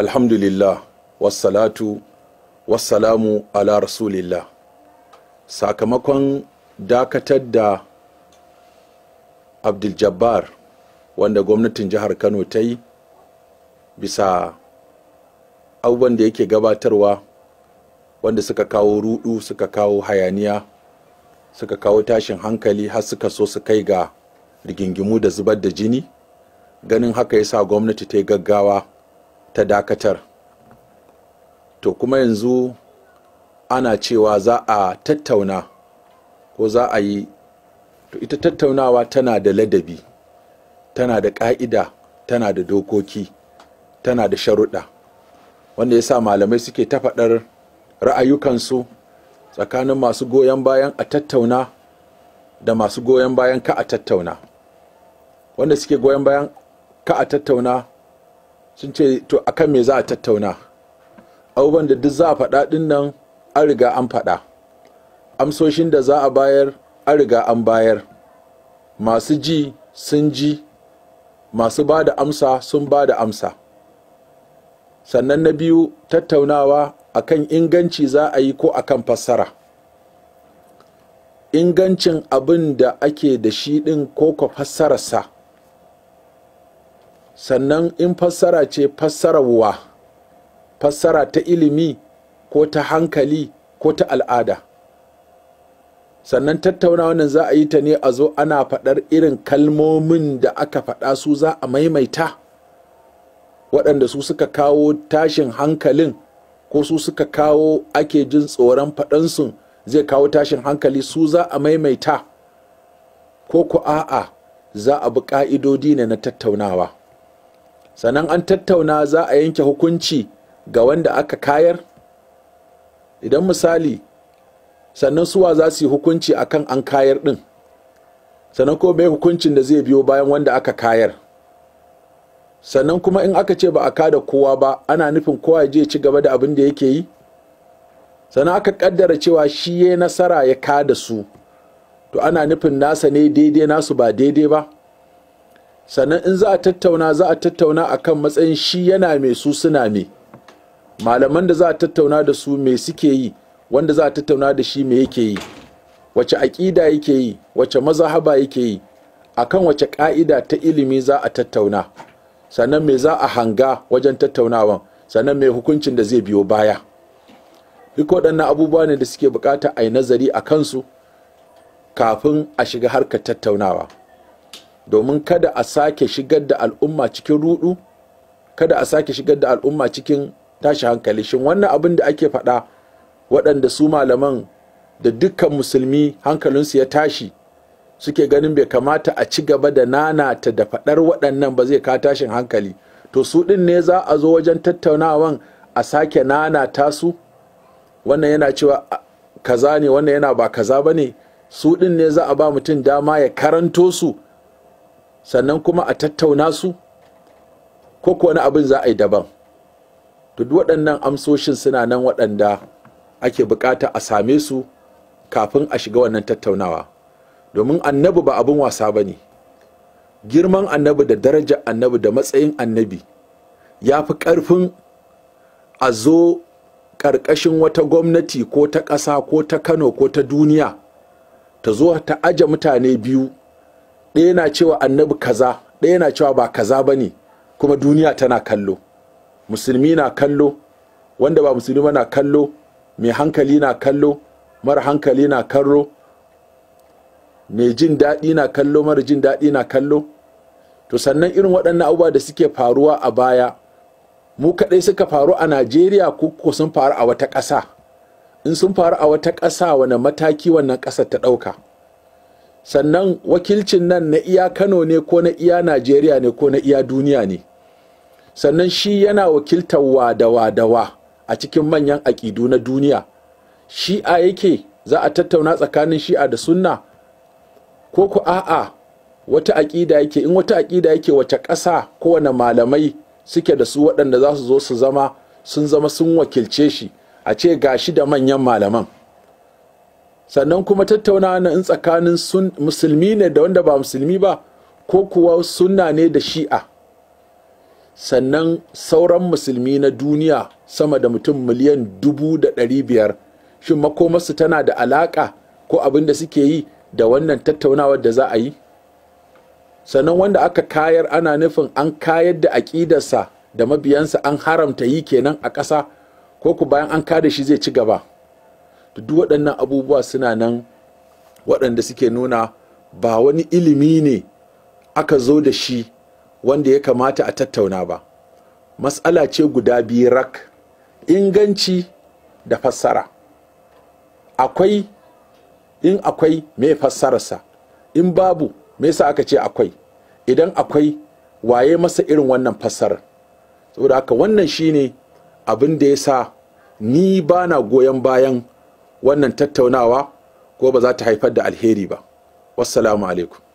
alhamdulillah wassalatu wassalamu ala rasulillah sakamakon dakatar da abdul-jabbar wanda gwamnatin jihar kano ta yi bisa abubuwan da yake gabatarwa wanda suka kawo rudu suka kawo hayaniya suka kawo tashin hankali har suka so su kai ga rigingimu da zubar da jini ganin haka yasa gwamnati ta yi gaggawa ta dakatar to kuma yanzu ana cewa za a tattauna ko za a yi to ita tattaunawa tana da ladabi tana da ƙa'ida tana da dokoki tana da sharuɗa wanda ya sa malamai suke ta faɗar ra'ayukansu tsakanin masu goyon bayan a tattauna da masu goyon bayan ka a tattauna wanda suke goyon bayan ka a tattauna sun ce to a kan me za a tattauna abubuwan da duk za a faɗa ɗin nan an riga an faɗa amsoshin da za a bayar an riga an bayar masu ji sun ji masu ba da amsa sun ba da amsa sannan na biyu tattaunawa a kan inganci za a yi ko a kan fassara ingancin abin da ake da shi ɗin ko ka fassararsa sannan in fassara ce fassararwa fassara ta ilimi ko ta hankali ko ta al'ada sannan tattauna wannan za a yi ta ne a zo ana faɗar irin kalmomin da aka faɗa su za a maimaita waɗanda su suka kawo tashin hankalin ko su suka kawo ake jin tsoron faɗansu zai kawo tashin hankali su za a maimaita ko ku a'a za a bi ƙa'idodi ne na tattaunawa sannan an tattauna za a yanke hukunci ga wanda aka kayar idan misali sannan suwa za su yi hukunci akan an kayar din sannan ko bai hukuncin da zai biyo bayan wanda aka kayar sannan kuma in aka ce ba a kada kowa ba ana nufin kowa ya je ci gaba da abin da yake yi sannan aka kaddara cewa shi ya nasara ya kada su to ana nufin nasa ne daidai nasu ba daidai ba sannan in za a tattauna za a tattauna akan matsayin shi yana mai su suna mai malaman da za a tattauna da su me suke yi wanda za a tattauna da shi me yake yi wace aƙida yake yi wace mazahaba yake yi akan wace ƙa'ida ta ilimi za a tattauna sannan me za a hanga wajen tattaunawan sannan me hukuncin da zai biyo baya duk waɗannan abubuwa ne da suke bukata a yi nazari a kansu kafin a shiga harkar tattaunawa domin kada a sake shigar da al'umma cikin rudu kada a sake shigar da al'umma cikin tashi hankali shin wannan abin da ake faɗa waɗanda su malaman da dukkan musulmi hankalinsu ya tashi suke ganin bai kamata a ci gaba da nanata da faɗar waɗannan ba zai ka tashin hankali to su ɗin ne za a zo wajen tattaunawan a sake nanata su wannan yana cewa kaza ne wannan yana ba kaza ba ne su ɗin ne za a ba mutum dama ya karanto su sannan kuma a tattauna su ko wani abin za a yi daban to duk waɗannan amsoshin suna nan waɗanda ake buƙata a same su kafin a shiga wannan tattaunawa domin annabi ba abin wasa ba ne girman annabi da darajar annabi da matsayin annabi ya fi ƙarfin a zo ƙarƙashin wata gwamnati ko ta ƙasa ko ta kano ko ta duniya ta zo ta aje mutane biyu ɗaya na cewa annabi kaza ɗaya na cewa ba kaza ba ne kuma duniya tana kallo musulmi na kallo wanda ba musulmi na kallo mai hankali na kallo mara hankali na kallo mai jin daɗi na kallo mara jin daɗi na kallo to sannan irin waɗannan abubuwa da suke faruwa a baya mu kaɗai suka faru a najeriya ko sun faru a wata ƙasa in sun faru a wata ƙasa wani mataki wannan ƙasar ta ɗauka sannan wakilcin nan na iya kano ne ko na iya najeriya ne ko na iya duniya ne sannan shi yana wakiltar wadawa-dawa a cikin manyan aƙidu na duniya shi'a yake za a tattauna tsakanin shi'a da sunna ko ku a'a wata aƙida yake in wata aƙida yake wace ƙasa kowane malamai suke da su waɗanda za su zo su zama sun zama sun wakilce shi a ce gashi da manyan malaman sannan kuma tattauna na in tsakanin musulmi ne da wanda ba musulmi ba ko kuwa sunna ne da shi'a sannan sauran musulmi na duniya sama da mutum miliyan dubu da ɗari biyar shin makomarsu tana da alaƙa ko abin da suke yi da wannan tattaunawar da za a yi sannan wanda aka kayar ana nufin an kayar da aƙidarsa da mabiyansa an haramta yi kenan a ƙasa ko ku bayan an kada shi zai ci gaba duk waɗannan abubuwa suna nan waɗanda suke nuna ba wani ilimi ne aka zo da shi wanda ya kamata a tattauna ba matsala ce guda biyu rak inganci da fassara akwai in akwai mai fassararsa in babu me yasa aka ce akwai idan akwai waye masa irin wannan fassarar saboda haka wannan shine abin da ya sa ni ba na goyon bayan wannan tattaunawa ko ba za ta haifar da alheri ba wassalamu alaikum